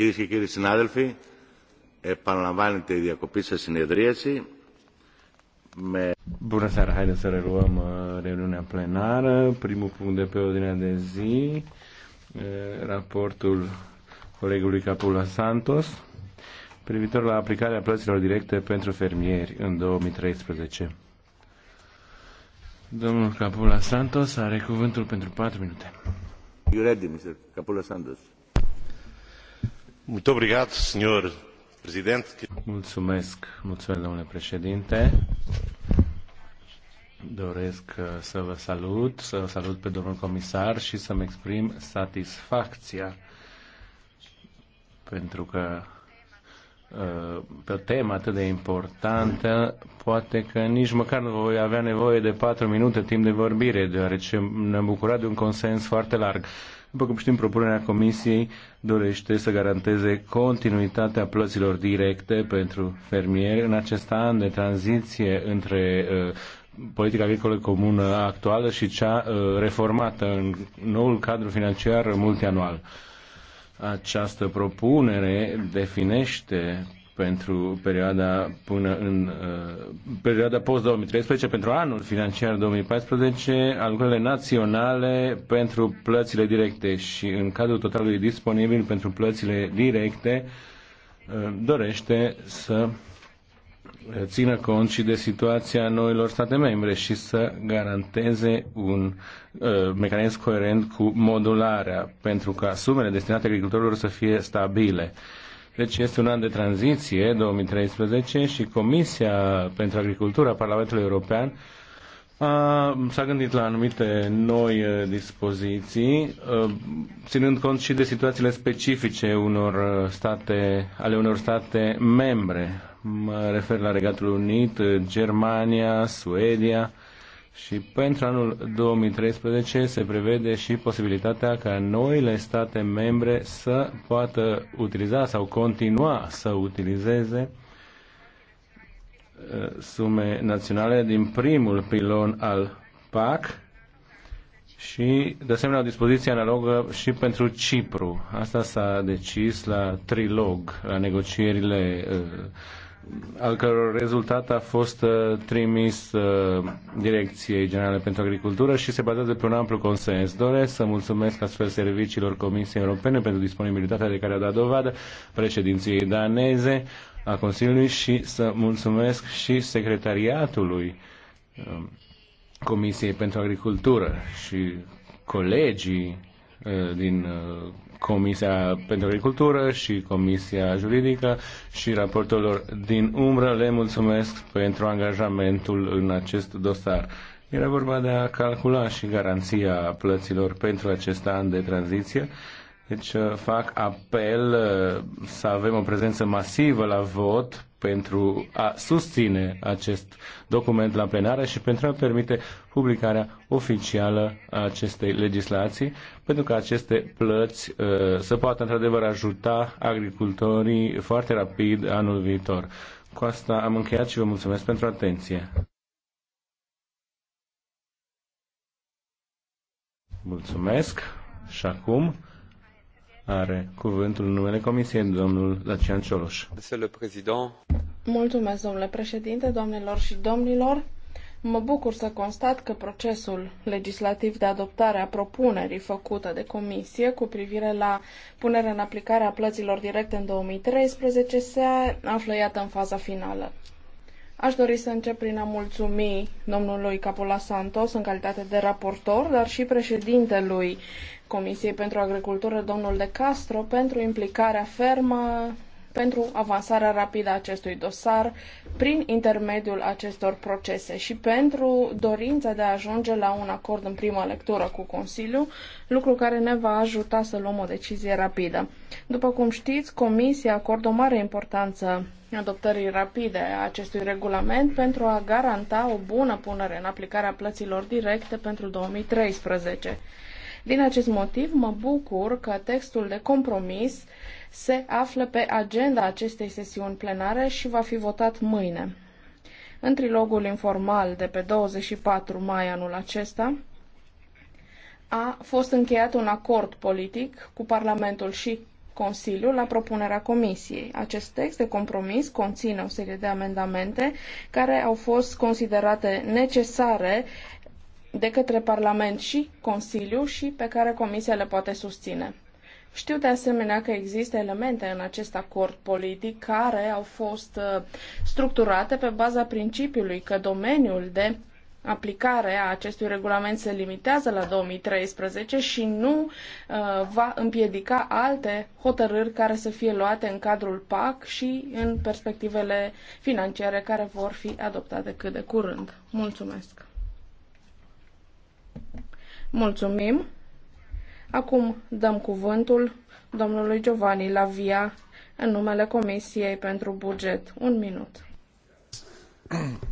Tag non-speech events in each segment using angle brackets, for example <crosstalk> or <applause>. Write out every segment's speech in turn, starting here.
Κυρίε και κύριοι συνάδελφοι, επαναλαμβάνεται η διακοπή σε συνεδρίαση. Me... Bună seara, haideți să reluăm uh, reuniunea plenară. Primul punct de pe ordinea de zi, uh, raportul colegului Capula Santos privitor la aplicarea plăților directe pentru fermieri în 2013. Domnul Capula Santos are cuvântul pentru 4 minute. You ready, Mr. Capula Santos? mulțumesc, domnule președinte. Doresc uh, să vă salut, să vă salut pe domnul comisar și să-mi exprim satisfacția pentru că uh, pe o temă atât de importantă, poate că nici măcar nu voi avea nevoie de patru minute timp de vorbire, deoarece ne-am bucurat de un consens foarte larg. După cum știm, propunerea Comisiei dorește să garanteze continuitatea plăților directe pentru fermieri în acest an de tranziție între uh, politica agricolă comună actuală și cea uh, reformată în noul cadru financiar multianual. Această propunere definește pentru perioada până în uh, perioada post-2013 pentru anul financiar 2014 alocările naționale pentru plățile directe și în cadrul totalului disponibil pentru plățile directe uh, dorește să țină cont și de situația noilor state membre și să garanteze un uh, mecanism coerent cu modularea pentru ca sumele destinate agricultorilor să fie stabile. Uh, deci este un an de tranziție, 2013, și Comisia pentru Agricultura Parlamentului European S-a gândit la anumite noi uh, dispoziții, uh, ținând cont și de situațiile specifice unor uh, state, ale unor state membre. Mă refer la Regatul Unit, Germania, Suedia, și pentru anul 2013 se prevede și posibilitatea ca noile state membre să poată utiliza sau continua să utilizeze uh, sume naționale din primul pilon al PAC și, de asemenea, o dispoziție analogă și pentru Cipru. Asta s-a decis la trilog, la negocierile uh, al căror rezultat a fost uh, trimis uh, Direcției Generale pentru Agricultură și se bazează pe un amplu consens. Doresc să mulțumesc astfel serviciilor Comisiei Europene pentru disponibilitatea de care a dat dovadă președinției daneze a Consiliului și să mulțumesc și secretariatului um, Comisiei pentru Agricultură și colegii uh, din Comisia pentru Agricultură și Comisia Juridică și raportorilor din umbră. Le mulțumesc pentru angajamentul în acest dosar. Era vorba de a calcula și garanția plăților pentru acest an de tranziție deci uh, fac apel uh, să avem o prezență masivă la vot pentru a susține acest document la plenară și pentru a permite publicarea oficială a acestei legislații, pentru că aceste plăți uh, să poată într-adevăr ajuta agricultorii foarte rapid anul viitor. Cu asta am încheiat și vă mulțumesc pentru atenție. Mulțumesc și acum are cuvântul în numele Comisiei domnul Dacian Cioloș. Mulțumesc, domnule președinte, doamnelor și domnilor. Mă bucur să constat că procesul legislativ de adoptare a propunerii făcută de comisie cu privire la punerea în aplicare a plăților directe în 2013 se află iată în faza finală. Aș dori să încep prin a mulțumi domnului Capola Santos în calitate de raportor, dar și președintelui Comisiei pentru Agricultură, domnul De Castro, pentru implicarea fermă pentru avansarea rapidă a acestui dosar prin intermediul acestor procese și pentru dorința de a ajunge la un acord în prima lectură cu Consiliul, lucru care ne va ajuta să luăm o decizie rapidă. După cum știți, Comisia acordă o mare importanță adoptării rapide a acestui regulament pentru a garanta o bună punere în aplicare a plăților directe pentru 2013. Din acest motiv, mă bucur că textul de compromis se află pe agenda acestei sesiuni plenare și va fi votat mâine. În trilogul informal de pe 24 mai anul acesta, a fost încheiat un acord politic cu Parlamentul și Consiliul la propunerea Comisiei. Acest text de compromis conține o serie de amendamente care au fost considerate necesare de către Parlament și Consiliu și pe care Comisia le poate susține. Știu de asemenea că există elemente în acest acord politic care au fost uh, structurate pe baza principiului că domeniul de aplicare a acestui regulament se limitează la 2013 și nu uh, va împiedica alte hotărâri care să fie luate în cadrul PAC și în perspectivele financiare care vor fi adoptate cât de curând. Mulțumesc! Mulțumim! Acum dăm cuvântul domnului Giovanni Lavia în numele Comisiei pentru Buget. Un minut.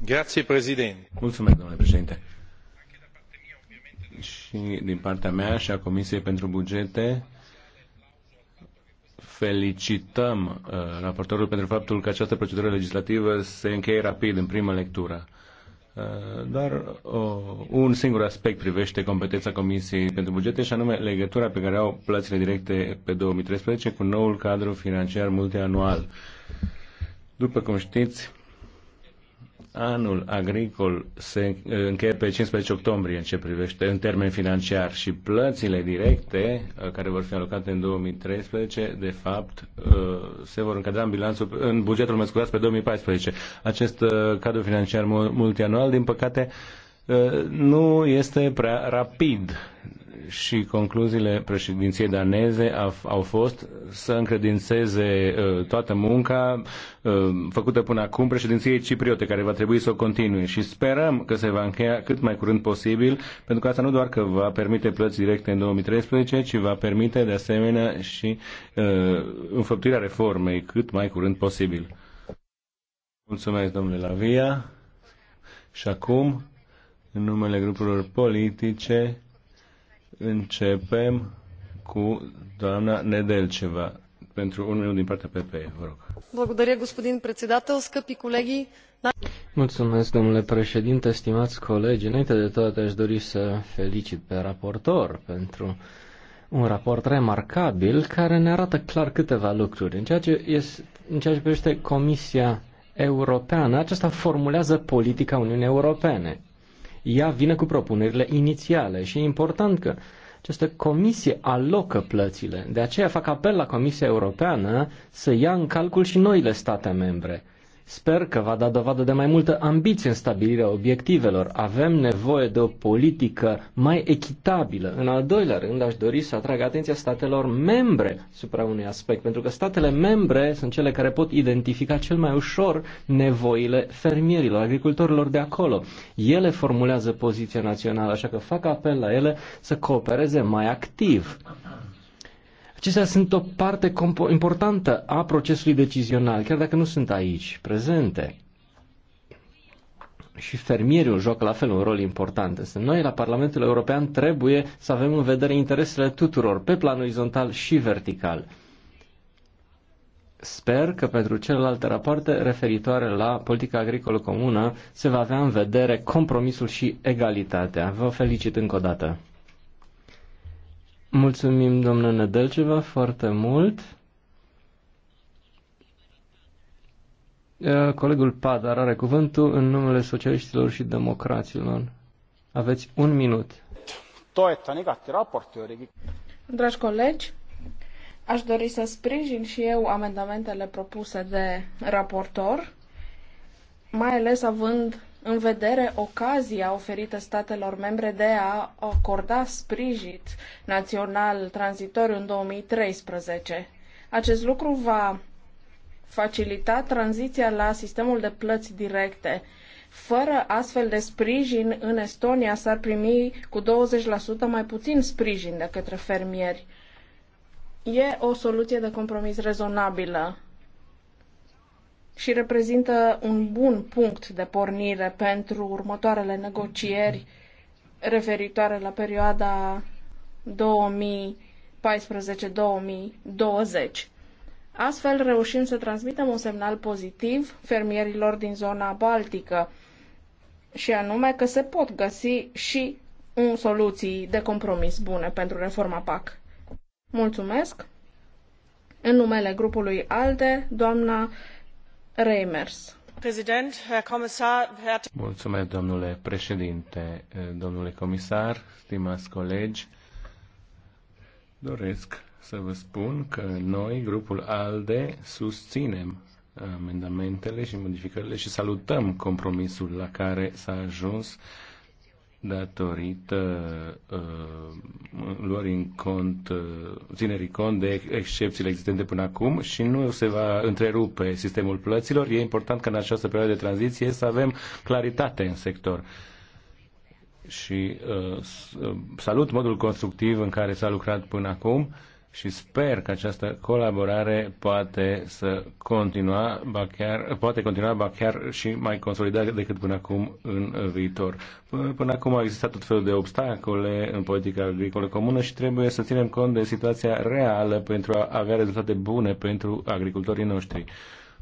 Grazie, președinte. Mulțumesc, domnule președinte. Și din partea mea și a Comisiei pentru Bugete, felicităm uh, raportorul pentru faptul că această procedură legislativă se încheie rapid în prima lectură. Uh, dar o, uh, un singur aspect privește competența Comisiei pentru Bugete și anume legătura pe care au plățile directe pe 2013 cu noul cadru financiar multianual. După cum știți, anul agricol se încheie pe 15 octombrie în ce privește în termen financiar și plățile directe uh, care vor fi alocate în 2013 de fapt uh, se vor încadra în bilanțul în bugetul mă scuzați pe 2014. Acest uh, cadru financiar multianual din păcate nu este prea rapid și concluziile președinției daneze au fost să încredințeze uh, toată munca uh, făcută până acum președinției cipriote, care va trebui să o continue și sperăm că se va încheia cât mai curând posibil, pentru că asta nu doar că va permite plăți directe în 2013, ci va permite de asemenea și uh, înfăptuirea reformei cât mai curând posibil. Mulțumesc, domnule Lavia. Și acum, în numele grupurilor politice, Începem cu doamna Nedelceva pentru un minut din partea PP, vă rog. Благодаря, господин председател, скъпи колеги. Mulțumesc, domnule președinte, stimați colegi. Înainte de toate, aș dori să felicit pe raportor pentru un raport remarcabil care ne arată clar câteva lucruri. În ceea ce, este, în ceea ce privește Comisia Europeană, aceasta formulează politica Uniunii Europene ea vine cu propunerile inițiale și e important că această comisie alocă plățile. De aceea fac apel la Comisia Europeană să ia în calcul și noile state membre. Sper că va da dovadă de mai multă ambiție în stabilirea obiectivelor. Avem nevoie de o politică mai echitabilă. În al doilea rând, aș dori să atrag atenția statelor membre supra unui aspect, pentru că statele membre sunt cele care pot identifica cel mai ușor nevoile fermierilor, agricultorilor de acolo. Ele formulează poziția națională, așa că fac apel la ele să coopereze mai activ Acestea sunt o parte importantă a procesului decizional, chiar dacă nu sunt aici prezente. Și fermierul joacă la fel un rol important. Însă noi la Parlamentul European trebuie să avem în vedere interesele tuturor, pe plan orizontal și vertical. Sper că pentru celelalte rapoarte referitoare la politica agricolă comună se va avea în vedere compromisul și egalitatea. Vă felicit încă o dată. Mulțumim, domnule Nedelceva, foarte mult. Colegul Padar are cuvântul în numele socialiștilor și democraților. Aveți un minut. Dragi colegi, aș dori să sprijin și eu amendamentele propuse de raportor, mai ales având în vedere ocazia oferită statelor membre de a acorda sprijin național tranzitoriu în 2013. Acest lucru va facilita tranziția la sistemul de plăți directe. Fără astfel de sprijin, în Estonia s-ar primi cu 20% mai puțin sprijin de către fermieri. E o soluție de compromis rezonabilă și reprezintă un bun punct de pornire pentru următoarele negocieri referitoare la perioada 2014-2020. Astfel reușim să transmitem un semnal pozitiv fermierilor din zona baltică și anume că se pot găsi și un soluții de compromis bune pentru reforma PAC. Mulțumesc! În numele grupului ALDE, doamna domnule președinte, domnule comisar, stimați colegi. Doresc să vă spun că noi, grupul ALDE, susținem amendamentele și modificările și salutăm compromisul la care s-a ajuns uh, datorită uh, luării în cont, uh, ținerii cont de excepțiile existente până acum și nu se va întrerupe sistemul plăților. E important că în această perioadă de tranziție să avem claritate în sector. Și uh, uh salut modul constructiv în care s-a lucrat până acum și sper că această colaborare poate să continua, ba chiar, poate continua ba chiar și mai consolidat decât până acum în viitor. Până, acum au existat tot felul de obstacole în politica agricolă comună și trebuie să ținem cont de situația reală pentru a avea rezultate bune pentru agricultorii noștri.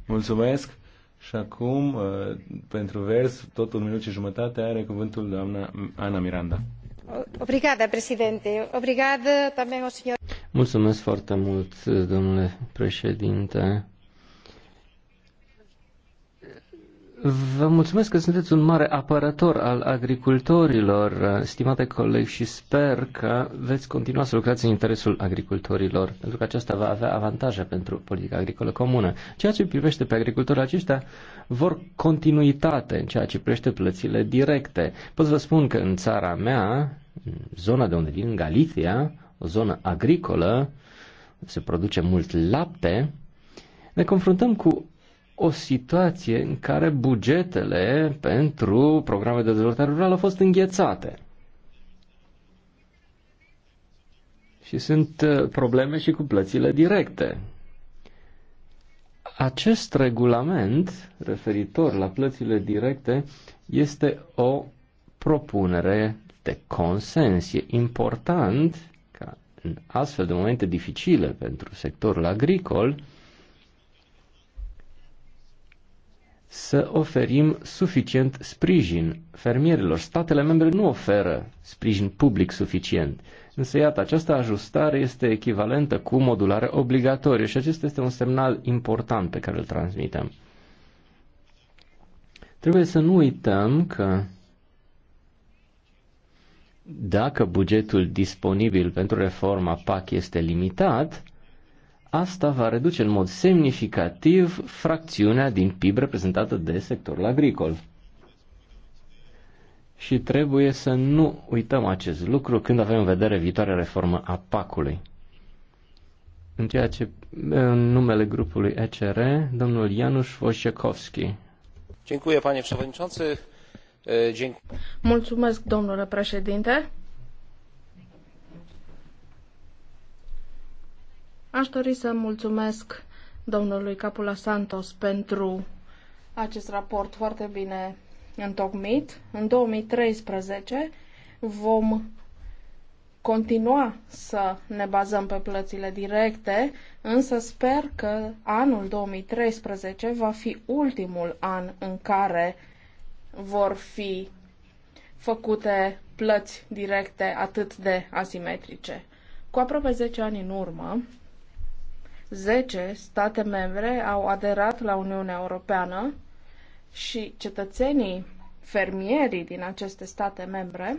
Mulțumesc! Și acum, uh, pentru vers, tot un minut și jumătate are cuvântul doamna Ana Miranda. Obrigada, presidente. Obrigada também ao senhor. Mulțumesc foarte mult, domnule președinte. Vă mulțumesc că sunteți un mare apărător al agricultorilor, stimate colegi și sper că veți continua să lucrați în interesul agricultorilor, pentru că aceasta va avea avantaje pentru politica agricolă comună. Ceea ce privește pe agricultorii aceștia, vor continuitate în ceea ce privește plățile directe. Pot să vă spun că în țara mea, în zona de unde vin, în Galicia, o zonă agricolă, se produce mult lapte, ne confruntăm cu o situație în care bugetele pentru programe de dezvoltare rurală au fost înghețate. Și sunt uh, probleme și cu plățile directe. Acest regulament referitor la plățile directe este o propunere de consens. E important în astfel de momente dificile pentru sectorul agricol, să oferim suficient sprijin fermierilor. Statele membre nu oferă sprijin public suficient. Însă, iată, această ajustare este echivalentă cu modulare obligatorie și acesta este un semnal important pe care îl transmitem. Trebuie să nu uităm că dacă bugetul disponibil pentru reforma PAC este limitat, asta va reduce în mod semnificativ fracțiunea din PIB reprezentată de sectorul agricol. Și trebuie să nu uităm acest lucru când avem în vedere viitoarea reformă a PAC-ului. În ceea ce în numele grupului ECR, domnul Janusz Wojciechowski. Dziękuję panie przewodniczący. Mulțumesc, domnule președinte. Aș dori să mulțumesc domnului Capula Santos pentru acest raport foarte bine întocmit. În 2013 vom continua să ne bazăm pe plățile directe, însă sper că anul 2013 va fi ultimul an în care vor fi făcute plăți directe atât de asimetrice. Cu aproape 10 ani în urmă, 10 state membre au aderat la Uniunea Europeană și cetățenii fermierii din aceste state membre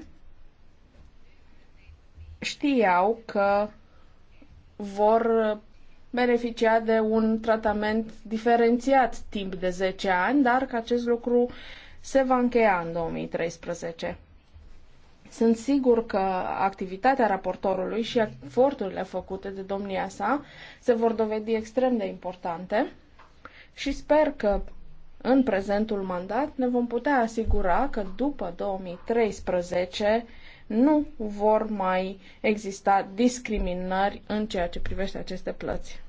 știau că vor beneficia de un tratament diferențiat timp de 10 ani, dar că acest lucru se va încheia în 2013. Sunt sigur că activitatea raportorului și eforturile făcute de domnia sa se vor dovedi extrem de importante și sper că în prezentul mandat ne vom putea asigura că după 2013 nu vor mai exista discriminări în ceea ce privește aceste plăți.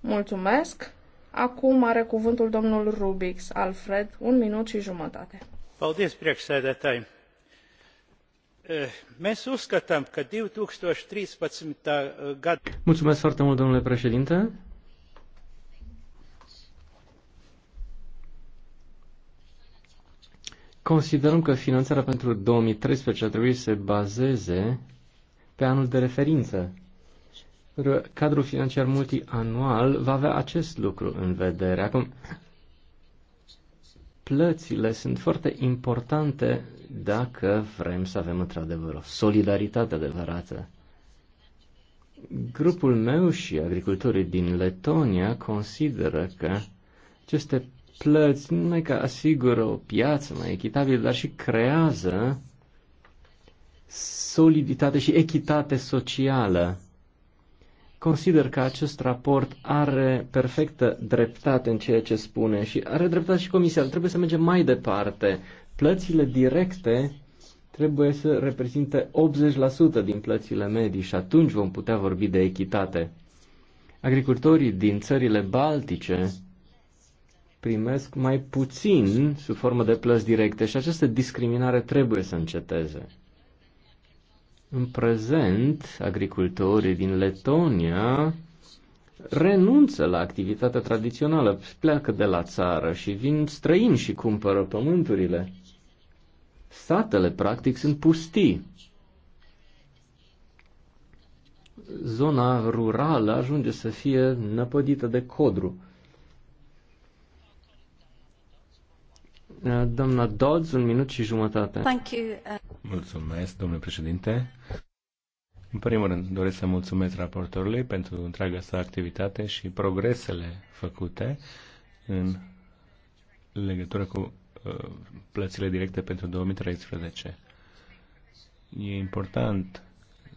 Mulțumesc! Acum are cuvântul domnul Rubix, Alfred, un minut și jumătate. Paldies, priekšsēdētāji. Eh, mēs uzskatām, ka 2013. Eh, gada... Mulțumesc foarte mult, domnule președinte. Considerăm că finanțarea pentru 2013 trebuie să se bazeze pe anul de referință cadrul financiar multianual va avea acest lucru în vedere. Acum, plățile sunt foarte importante dacă vrem să avem într-adevăr o solidaritate adevărată. Grupul meu și agricultorii din Letonia consideră că aceste plăți nu numai că asigură o piață mai echitabilă, dar și creează soliditate și echitate socială Consider că acest raport are perfectă dreptate în ceea ce spune și are dreptate și Comisia. Trebuie să mergem mai departe. Plățile directe trebuie să reprezinte 80% din plățile medii și atunci vom putea vorbi de echitate. Agricultorii din țările baltice primesc mai puțin sub formă de plăți directe și această discriminare trebuie să înceteze. În prezent, agricultorii din Letonia renunță la activitatea tradițională, pleacă de la țară și vin străini și cumpără pământurile. Satele, practic, sunt pustii. Zona rurală ajunge să fie năpădită de codru. Doamna Dodds, un minut și jumătate. Thank you. Uh, mulțumesc, domnule președinte. În primul rând, doresc să mulțumesc raportorului pentru întreaga sa activitate și progresele făcute în legătură cu uh, plățile directe pentru 2013. E important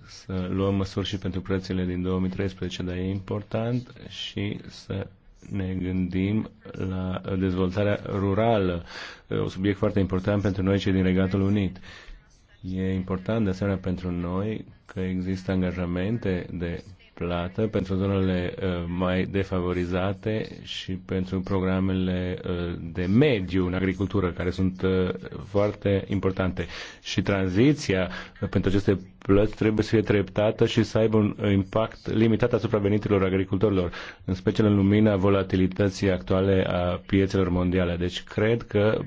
să luăm măsuri și pentru plățile din 2013, dar e important și să ne gândim la dezvoltarea rurală, un subiect foarte important pentru noi cei din Regatul Unit. E important de asemenea pentru noi că există angajamente de plată pentru zonele uh, mai defavorizate și pentru programele uh, de mediu în agricultură, care sunt uh, foarte importante. Și tranziția pentru aceste plăți trebuie să fie treptată și să aibă un impact limitat asupra veniturilor agricultorilor, în special în lumina volatilității actuale a piețelor mondiale. Deci cred că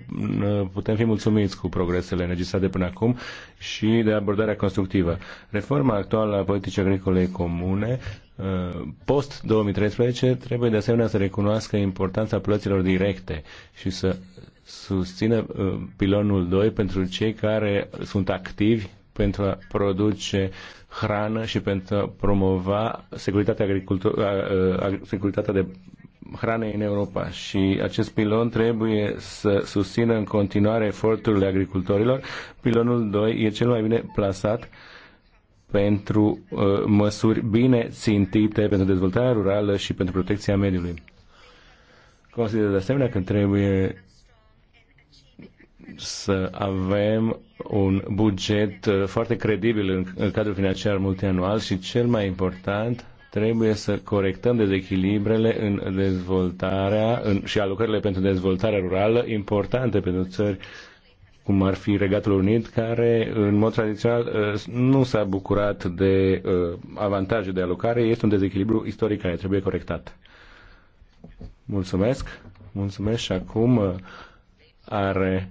putem fi mulțumiți cu progresele înregistrate până acum și de abordarea constructivă. Reforma actuală a politicii agricole comune uh, post-2013 trebuie de asemenea să recunoască importanța plăților directe și să susțină uh, pilonul 2 pentru cei care sunt activi pentru a produce hrană și pentru a promova securitatea, securitatea de hrană în Europa și acest pilon trebuie să susțină în continuare eforturile agricultorilor. Pilonul 2 e cel mai bine plasat pentru uh, măsuri bine țintite pentru dezvoltarea rurală și pentru protecția mediului. Consider de asemenea că trebuie să avem un buget uh, foarte credibil în cadrul financiar multianual și cel mai important trebuie să corectăm dezechilibrele în dezvoltarea în, și alocările pentru dezvoltarea rurală importante pentru țări cum ar fi Regatul Unit, care în mod tradițional uh, nu s-a bucurat de uh, avantaje de alocare, este un dezechilibru istoric care trebuie corectat. Mulțumesc! Mulțumesc și acum are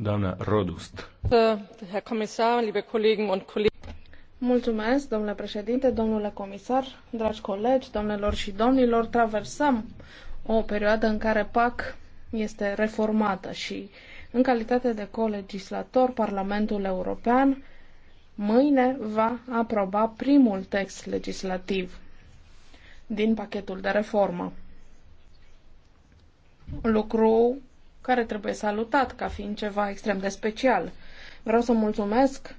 doamna Rodust. Herr Kommissar, liebe Kollegen und Kollegen. Mulțumesc, domnule președinte, domnule comisar, dragi colegi, domnilor și domnilor. Traversăm o perioadă în care PAC este reformată și, în calitate de colegislator, Parlamentul European mâine va aproba primul text legislativ din pachetul de reformă. Lucru care trebuie salutat ca fiind ceva extrem de special. Vreau să mulțumesc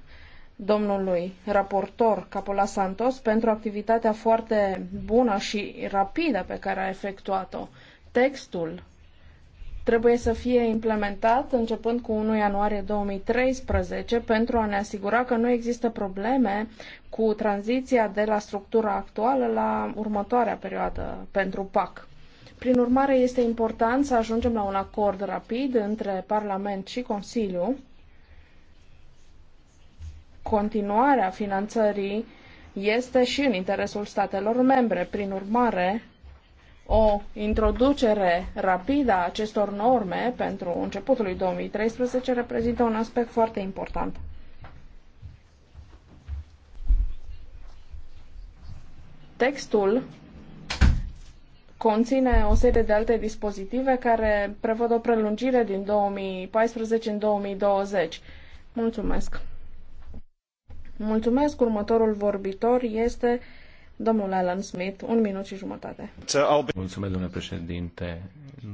domnului raportor Capola Santos pentru activitatea foarte bună și rapidă pe care a efectuat-o. Textul trebuie să fie implementat începând cu 1 ianuarie 2013 pentru a ne asigura că nu există probleme cu tranziția de la structura actuală la următoarea perioadă pentru PAC. Prin urmare, este important să ajungem la un acord rapid între Parlament și Consiliu. Continuarea finanțării este și în interesul statelor membre. Prin urmare, o introducere rapidă a acestor norme pentru începutul lui 2013 reprezintă un aspect foarte important. Textul conține o serie de alte dispozitive care prevăd o prelungire din 2014 în 2020. Mulțumesc! Mulțumesc! Următorul vorbitor este domnul Alan Smith, un minut și jumătate. Mulțumesc, domnule președinte.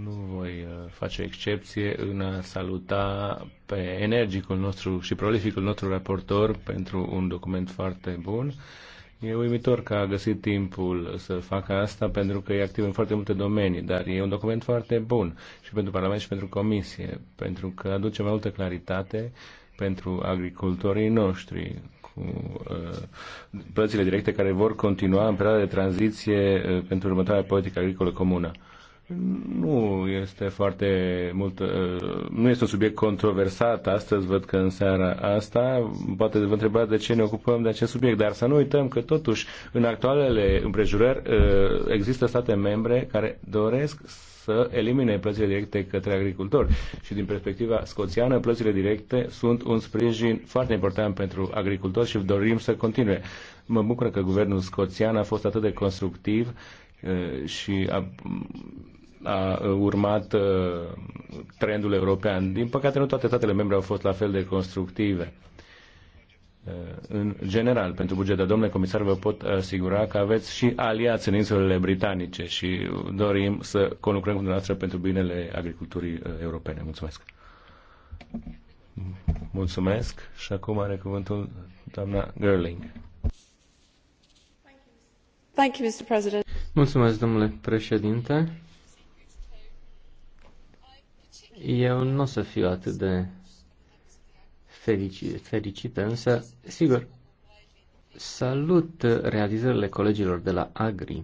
Nu voi uh, face excepție în a saluta pe energicul nostru și prolificul nostru raportor pentru un document foarte bun E uimitor că a găsit timpul să facă asta pentru că e activ în foarte multe domenii, dar e un document foarte bun și pentru Parlament și pentru Comisie, pentru că aduce mai multă claritate pentru agricultorii noștri cu uh, plățile directe care vor continua în perioada de tranziție uh, pentru următoarea politică agricolă comună nu este foarte mult, uh, nu este un subiect controversat astăzi, văd că în seara asta, poate vă întrebați de ce ne ocupăm de acest subiect, dar să nu uităm că totuși în actualele împrejurări uh, există state membre care doresc să elimine plățile directe către agricultori și din perspectiva scoțiană plățile directe sunt un sprijin foarte important pentru agricultori și dorim să continue. Mă bucur că guvernul scoțian a fost atât de constructiv uh, și a a urmat trendul european. Din păcate, nu toate statele membre au fost la fel de constructive. În general, pentru buget, dar domnule comisar, vă pot asigura că aveți și aliați în insulele britanice și dorim să conlucrăm cu dumneavoastră pentru binele agriculturii europene. Mulțumesc! Mulțumesc și acum are cuvântul doamna Gerling. Mulțumesc, domnule președinte. Eu nu o să fiu atât de fericit, fericită, însă, sigur, salut realizările colegilor de la Agri.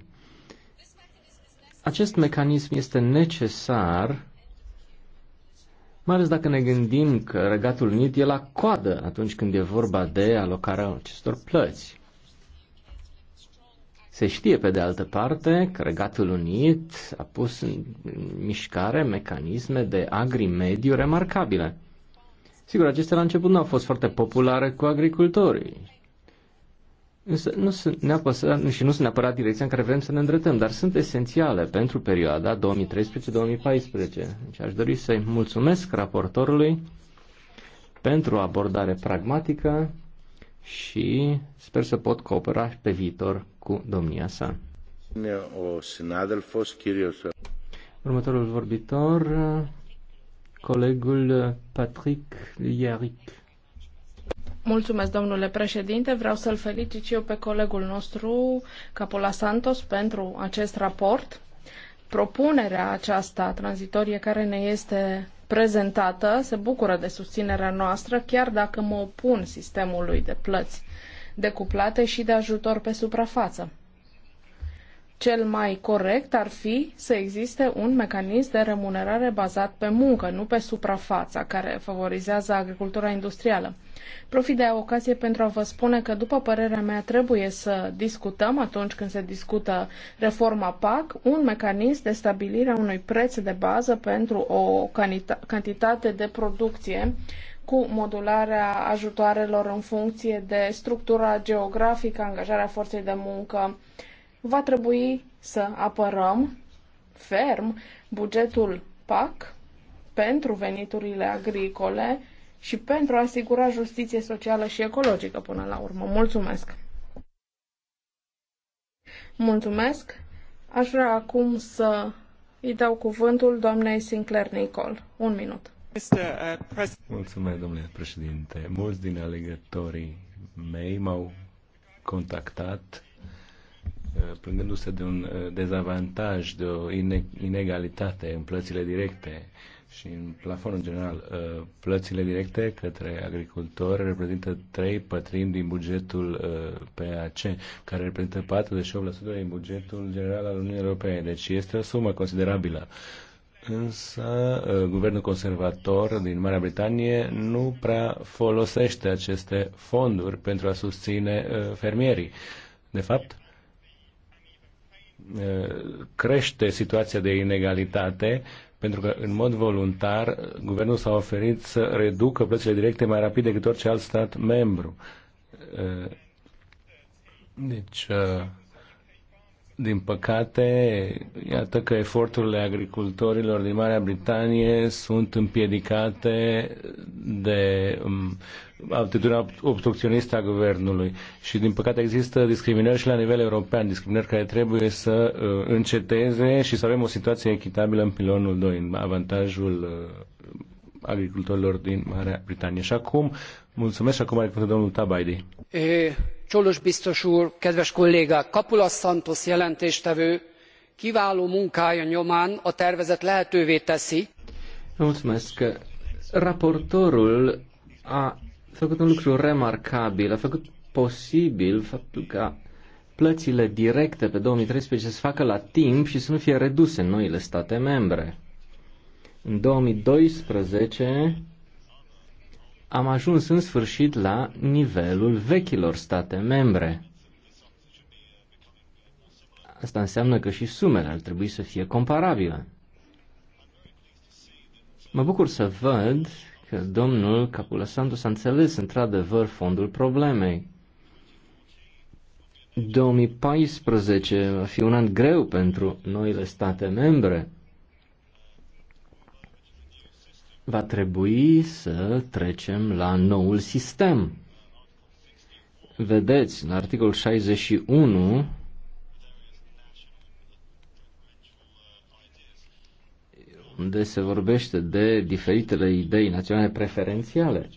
Acest mecanism este necesar, mai ales dacă ne gândim că Regatul Unit e la coadă atunci când e vorba de alocarea acestor plăți. Se știe, pe de altă parte, că Regatul Unit a pus în mișcare mecanisme de agrimediu remarcabile. Sigur, acestea la început nu au fost foarte populare cu agricultorii. Însă nu sunt neapărat, și nu sunt neapărat direcția în care vrem să ne îndreptăm, dar sunt esențiale pentru perioada 2013-2014. Deci aș dori să-i mulțumesc raportorului pentru o abordare pragmatică și sper să pot coopera pe viitor cu domnia sa. Următorul vorbitor, colegul Patrick Liaric. Mulțumesc, domnule președinte. Vreau să-l felicit și eu pe colegul nostru, Capola Santos, pentru acest raport. Propunerea aceasta tranzitorie care ne este prezentată se bucură de susținerea noastră, chiar dacă mă opun sistemului de plăți decuplate și de ajutor pe suprafață. Cel mai corect ar fi să existe un mecanism de remunerare bazat pe muncă, nu pe suprafața, care favorizează agricultura industrială. Profit de ocazie pentru a vă spune că, după părerea mea, trebuie să discutăm, atunci când se discută reforma PAC, un mecanism de stabilire a unui preț de bază pentru o cantitate de producție cu modularea ajutoarelor în funcție de structura geografică, angajarea forței de muncă. Va trebui să apărăm ferm bugetul PAC pentru veniturile agricole și pentru a asigura justiție socială și ecologică până la urmă. Mulțumesc! Mulțumesc! Aș vrea acum să îi dau cuvântul doamnei Sinclair Nicol. Un minut. Uh, Mulțumesc, domnule președinte. Mulți din alegătorii mei m-au contactat uh, plângându-se de un uh, dezavantaj, de o inegalitate în plățile directe și în plafon în general, uh, plățile directe către agricultori reprezintă 3 pătrimi din bugetul uh, PAC, care reprezintă 48% din bugetul general al Uniunii Europene. Deci este o sumă considerabilă. Însă, uh, guvernul conservator din Marea Britanie nu prea folosește aceste fonduri pentru a susține fermierii. De fapt, crește situația de inegalitate pentru că în mod voluntar guvernul s-a oferit să reducă plățile directe mai rapid decât orice alt stat membru. Deci uh, din păcate, iată că eforturile agricultorilor din Marea Britanie sunt împiedicate de um, atitudinea obstrucționistă a guvernului. Și, din păcate, există discriminări și la nivel european, discriminări care trebuie să uh, înceteze și să avem o situație echitabilă în pilonul 2, în avantajul uh, agricultorilor din Marea Britanie. Și acum, mulțumesc și acum are cuvântul domnul Tabaidi. E... Eh, ciolo biztos úr kedves kollégák capoulas santos jelentéstevő kiváló munkája nyomán a tervezet lehetővé teszi Raportorul a făcut un lucru remarcabil, a făcut posibil faptul ca plățile directe pe 2013 să se facă la timp și să nu fie reduse în noile state membre. În 2012 am ajuns în sfârșit la nivelul vechilor state membre. Asta înseamnă că și sumele ar trebui să fie comparabile. Mă bucur să văd că domnul Capula s a înțeles într-adevăr fondul problemei. 2014 va fi un an greu pentru noile state membre va trebui să trecem la noul sistem. Vedeți, în articol 61 unde se vorbește de diferitele idei naționale preferențiale.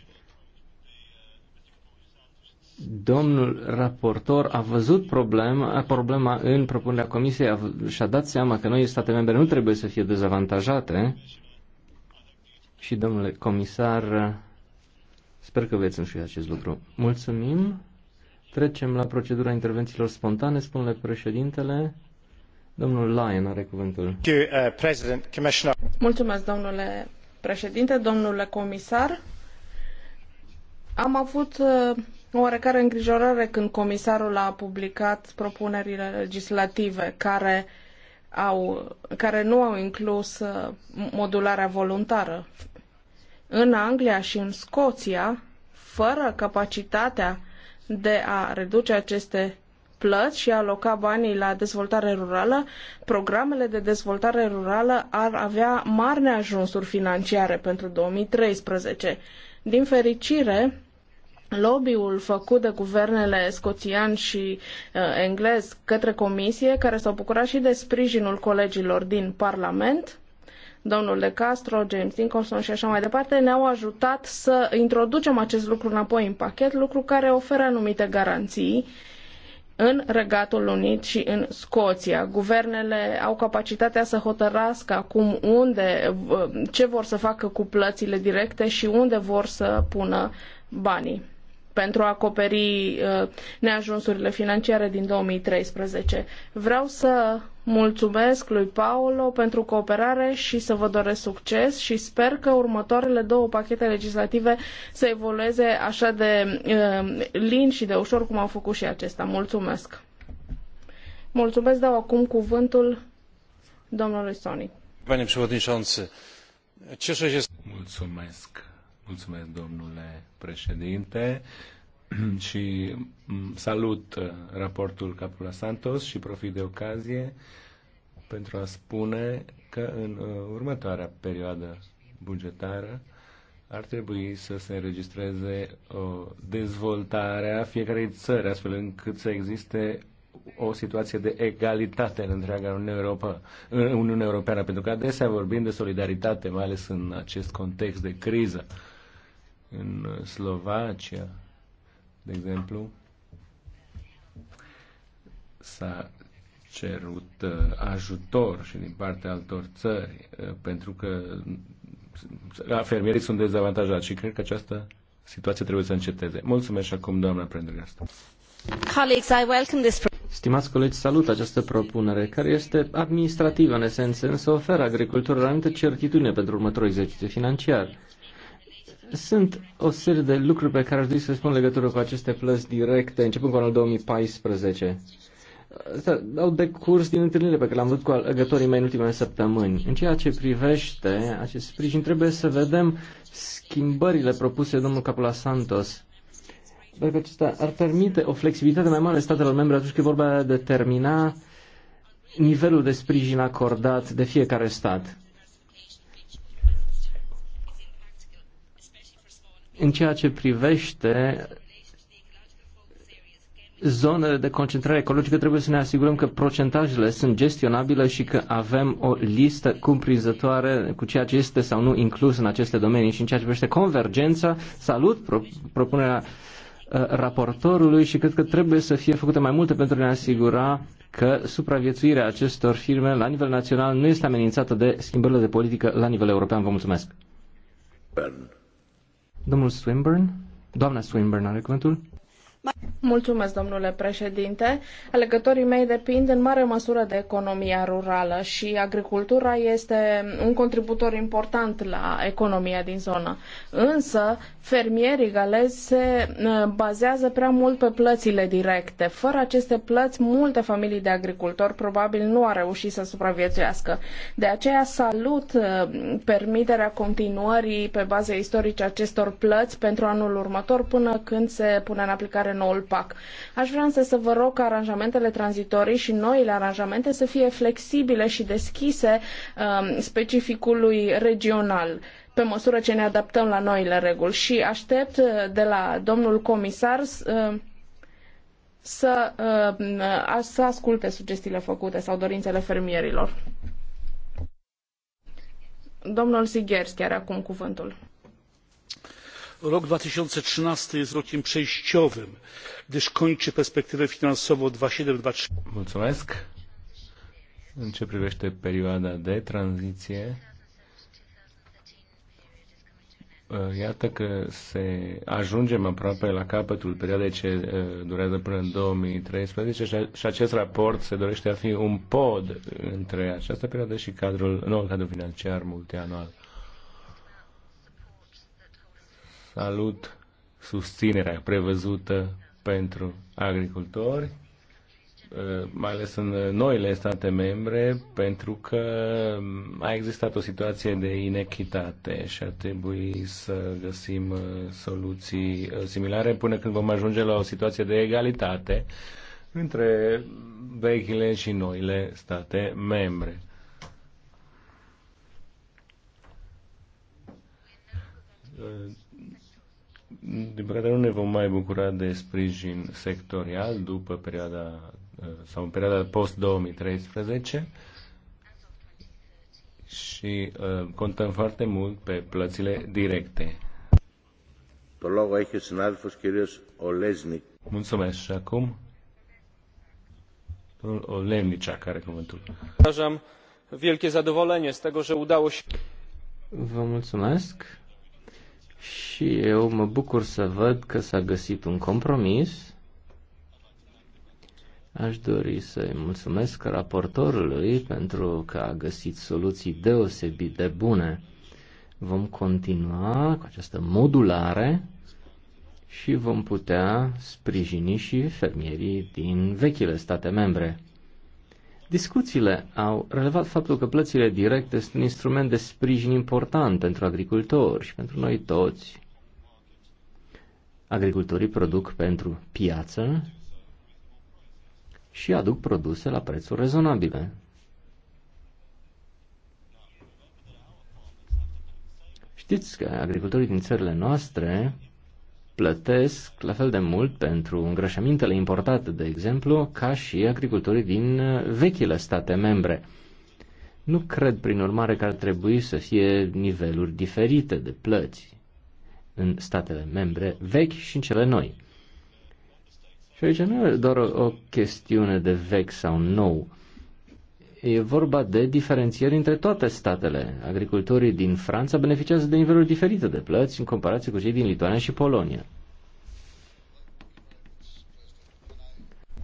Domnul raportor a văzut problema, problema în propunerea comisiei și-a dat seama că noi, state membre, nu trebuie să fie dezavantajate și domnule comisar, sper că veți înșui acest lucru. Mulțumim. Trecem la procedura intervențiilor spontane, spune președintele. Domnul Lyon are cuvântul. Uh, Mulțumesc, domnule președinte, domnule comisar. Am avut uh, oarecare îngrijorare când comisarul a publicat propunerile legislative care, au, care nu au inclus uh, modularea voluntară în Anglia și în Scoția, fără capacitatea de a reduce aceste plăți și a aloca banii la dezvoltare rurală, programele de dezvoltare rurală ar avea mari neajunsuri financiare pentru 2013. Din fericire, lobby-ul făcut de guvernele scoțian și uh, englez către comisie, care s-au bucurat și de sprijinul colegilor din Parlament, domnul De Castro, James Nicholson și așa mai departe, ne-au ajutat să introducem acest lucru înapoi în pachet, lucru care oferă anumite garanții în Regatul Unit și în Scoția. Guvernele au capacitatea să hotărască acum unde, ce vor să facă cu plățile directe și unde vor să pună banii pentru a acoperi uh, neajunsurile financiare din 2013. Vreau să mulțumesc lui Paolo pentru cooperare și să vă doresc succes și sper că următoarele două pachete legislative să evolueze așa de uh, lin și de ușor cum au făcut și acesta. Mulțumesc! Mulțumesc, dau acum cuvântul domnului Sonic. Mulțumesc, Mulțumesc, domnule președinte, <clears throat> și mm, salut uh, raportul Capula Santos și profit de ocazie pentru a spune că în uh, următoarea perioadă bugetară ar trebui să se înregistreze o dezvoltare a fiecarei țări, astfel încât să existe o situație de egalitate în întreaga Uniune, Europa, în Uniune Europeană, pentru că adesea vorbim de solidaritate, mai ales în acest context de criză în Slovacia, de exemplu, s-a cerut uh, ajutor și din partea altor țări, uh, pentru că uh, fermierii sunt dezavantajați și cred că această situație trebuie să înceteze. Mulțumesc și acum, doamna Prendergast. I Stimați colegi, salut această propunere, care este administrativă în esență, însă oferă agricultorilor anumită certitudine pentru următorul exercițiu financiar. Sunt o serie de lucruri pe care aș dori să spun legătură cu aceste plăți directe, începând cu anul 2014. Asta au decurs din întâlnirile pe care le-am avut cu alegătorii mei în ultimele săptămâni. În ceea ce privește acest sprijin, trebuie să vedem schimbările propuse de domnul Capula Santos. Pentru că acesta ar permite o flexibilitate mai mare statelor membre atunci când vorba de a determina nivelul de sprijin acordat de fiecare stat. în ceea ce privește zonele de concentrare ecologică, trebuie să ne asigurăm că procentajele sunt gestionabile și că avem o listă cumprinzătoare cu ceea ce este sau nu inclus în aceste domenii. Și în ceea ce privește convergența, salut pro- propunerea uh, raportorului și cred că trebuie să fie făcute mai multe pentru a ne asigura că supraviețuirea acestor firme la nivel național nu este amenințată de schimbările de politică la nivel european. Vă mulțumesc! Ben. Domnul Swinburne? Doamna Swinburne are cuvântul? Mulțumesc, domnule președinte. Alegătorii mei depind în mare măsură de economia rurală și agricultura este un contributor important la economia din zonă. Însă, fermierii galezi se uh, bazează prea mult pe plățile directe. Fără aceste plăți, multe familii de agricultori probabil nu au reușit să supraviețuiască. De aceea salut uh, permiterea continuării pe baze istorice acestor plăți pentru anul următor până când se pune în aplicare noul PAC. Aș vrea însă să vă rog ca aranjamentele tranzitorii și noile aranjamente să fie flexibile și deschise um, specificului regional pe măsură ce ne adaptăm la noile reguli și aștept uh, de la domnul comisar uh, să, uh, să asculte sugestiile făcute sau dorințele fermierilor. Domnul Sigherski chiar acum cuvântul rok dwa tysiące trzynaście jest rokiem przejściowym gdyż kończy perspektywę finansową dwa siedem dwa trzy în privește perioada de tranziție, eh, iată că se ajungem aproape la capătul perioadei ce eh, durează până în 2013 și acest raport se dorește a fi un pod între această perioadă și cadrul, noul cadru financiar multianual. Salut susținerea prevăzută pentru agricultori, eh, mai ales în noile state membre, pentru că a existat o situație de inechitate și ar trebui să găsim eh, soluții eh, similare până când vom ajunge la o situație de egalitate între vechile și noile state membre. Uh, din păcate nu ne vom mai bucura de sprijin sectorial după perioada uh, sau în perioada post-2013 și uh, contăm foarte mult pe plățile directe. Mulțumesc și acum domnul Olemnicea care cuvântul. Vă mulțumesc și eu mă bucur să văd că s-a găsit un compromis. Aș dori să-i mulțumesc raportorului pentru că a găsit soluții deosebit de bune. Vom continua cu această modulare și vom putea sprijini și fermierii din vechile state membre. Discuțiile au relevat faptul că plățile directe sunt un instrument de sprijin important pentru agricultori și pentru noi toți. Agricultorii produc pentru piață și aduc produse la prețuri rezonabile. Știți că agricultorii din țările noastre plătesc la fel de mult pentru îngrășămintele importate, de exemplu, ca și agricultorii din uh, vechile state membre. Nu cred, prin urmare, că ar trebui să fie niveluri diferite de plăți în statele membre vechi și în cele noi. Și aici nu e doar o chestiune de vechi sau nou. E vorba de diferențieri între toate statele. Agricultorii din Franța beneficiază de niveluri diferite de plăți în comparație cu cei din Lituania și Polonia.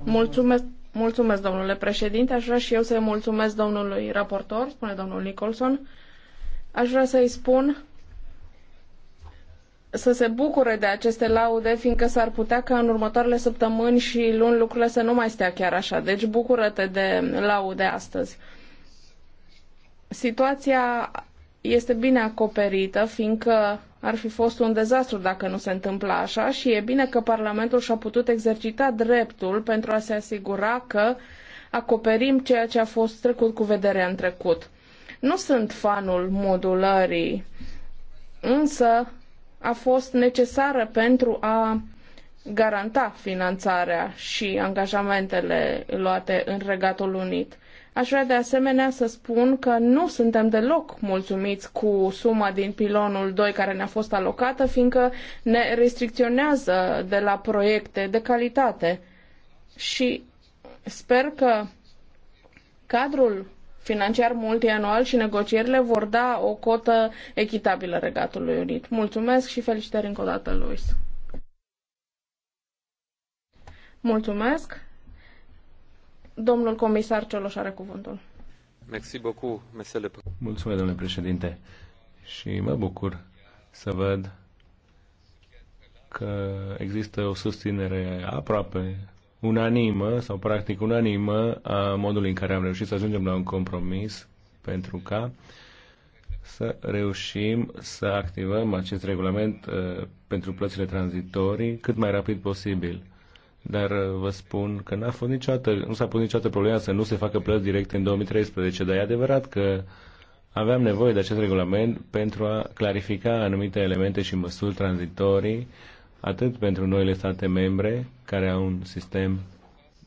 Mulțumesc, mulțumesc domnule președinte. Aș vrea și eu să-i mulțumesc domnului raportor, spune domnul Nicholson. Aș vrea să-i spun să se bucure de aceste laude, fiindcă s-ar putea ca în următoarele săptămâni și luni lucrurile să nu mai stea chiar așa. Deci bucură-te de laude astăzi. Situația este bine acoperită, fiindcă ar fi fost un dezastru dacă nu se întâmpla așa și e bine că Parlamentul și-a putut exercita dreptul pentru a se asigura că acoperim ceea ce a fost trecut cu vederea în trecut. Nu sunt fanul modulării, însă a fost necesară pentru a garanta finanțarea și angajamentele luate în Regatul Unit. Aș vrea de asemenea să spun că nu suntem deloc mulțumiți cu suma din pilonul 2 care ne-a fost alocată, fiindcă ne restricționează de la proiecte de calitate. Și sper că cadrul financiar multianual și negocierile vor da o cotă echitabilă Regatului Unit. Mulțumesc și felicitări încă o dată, Luis. Mulțumesc. Domnul comisar Cioloș are cuvântul. Merci beaucoup, mesele. Mulțumesc, domnule președinte. Și mă bucur să văd că există o susținere aproape unanimă sau practic unanimă a modului în care am reușit să ajungem la un compromis pentru ca să reușim să activăm acest regulament uh, pentru plățile tranzitorii cât mai rapid posibil. Dar uh, vă spun că n-a fost niciodată, nu s-a pus niciodată problema să nu se facă plăți directe în 2013, dar e adevărat că aveam nevoie de acest regulament pentru a clarifica anumite elemente și măsuri tranzitorii atât pentru noile state membre care au un sistem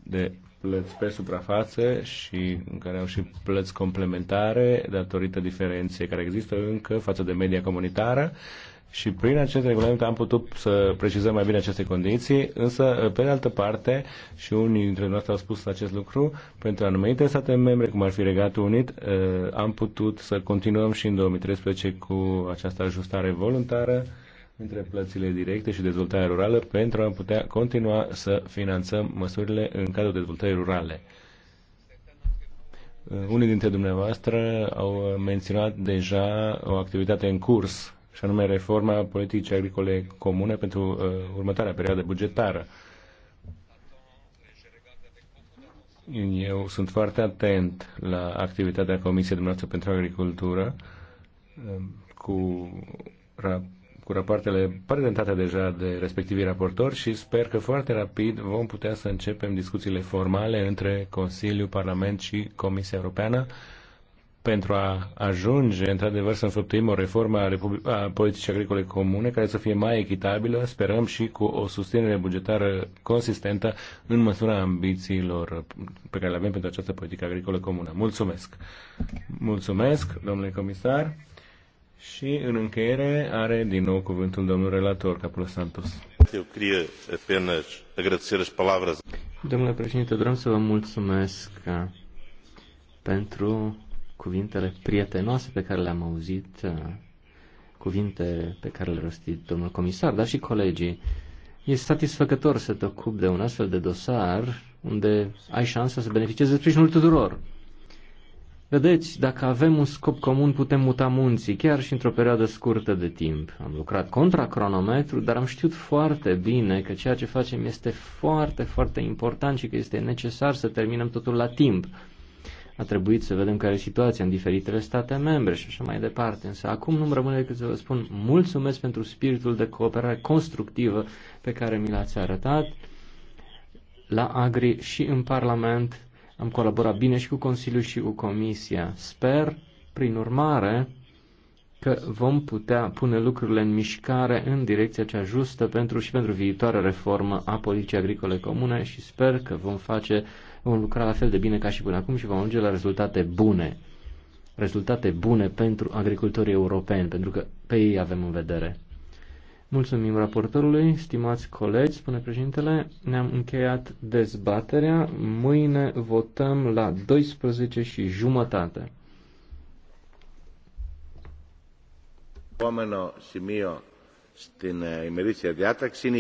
de plăți pe suprafață și în care au și plăți complementare datorită diferenței care există încă față de media comunitară și prin acest regulament am putut să precizăm mai bine aceste condiții, însă, pe de altă parte, și unii dintre noi au spus acest lucru, pentru anumite state membre, cum ar fi Regatul Unit, eh, am putut să continuăm și în 2013 cu această ajustare voluntară între plățile directe și dezvoltarea rurală pentru a putea continua să finanțăm măsurile în cadrul dezvoltării rurale. Uh, unii dintre dumneavoastră au menționat deja o activitate în curs, și anume reforma politicii agricole comune pentru uh, următoarea perioadă bugetară. Eu sunt foarte atent la activitatea Comisiei dumneavoastră pentru Agricultură uh, cu cu rapoartele prezentate deja de respectivii raportori și sper că foarte rapid vom putea să începem discuțiile formale între Consiliu, Parlament și Comisia Europeană pentru a ajunge, într-adevăr, să înfăptuim o reformă a, Republic- a politicii agricole comune care să fie mai echitabilă, sperăm și cu o susținere bugetară consistentă în măsura ambițiilor pe care le avem pentru această politică agricolă comună. Mulțumesc! Mulțumesc, domnule comisar! Și în încheiere are din nou cuvântul domnul relator Capul Santos. Eu crie apenas agradecer as palavras. Domnule președinte, vreau să vă mulțumesc uh, pentru cuvintele prietenoase pe care le-am auzit, uh, cuvinte pe care le-a rostit domnul comisar, dar și colegii. E satisfăcător să te ocupi de un astfel de dosar unde ai șansa să beneficiezi de sprijinul tuturor. Vedeți, dacă avem un scop comun, putem muta munții, chiar și într-o perioadă scurtă de timp. Am lucrat contra cronometru, dar am știut foarte bine că ceea ce facem este foarte, foarte important și că este necesar să terminăm totul la timp. A trebuit să vedem care e situația în diferitele state membre și așa mai departe. Însă acum nu-mi rămâne decât să vă spun mulțumesc pentru spiritul de cooperare constructivă pe care mi l-ați arătat la Agri și în Parlament am colaborat bine și cu Consiliul și cu Comisia. Sper, prin urmare, că vom putea pune lucrurile în mișcare în direcția cea justă pentru și pentru viitoarea reformă a politicii agricole comune și sper că vom face, vom lucra la fel de bine ca și până acum și vom ajunge la rezultate bune. Rezultate bune pentru agricultorii europeni, pentru că pe ei avem în vedere. Mulțumim raportorului, stimați colegi, spune președintele, ne-am încheiat dezbaterea, mâine votăm la 12 și jumătate. Επόμενο σημείο στην ημερήσια διάταξη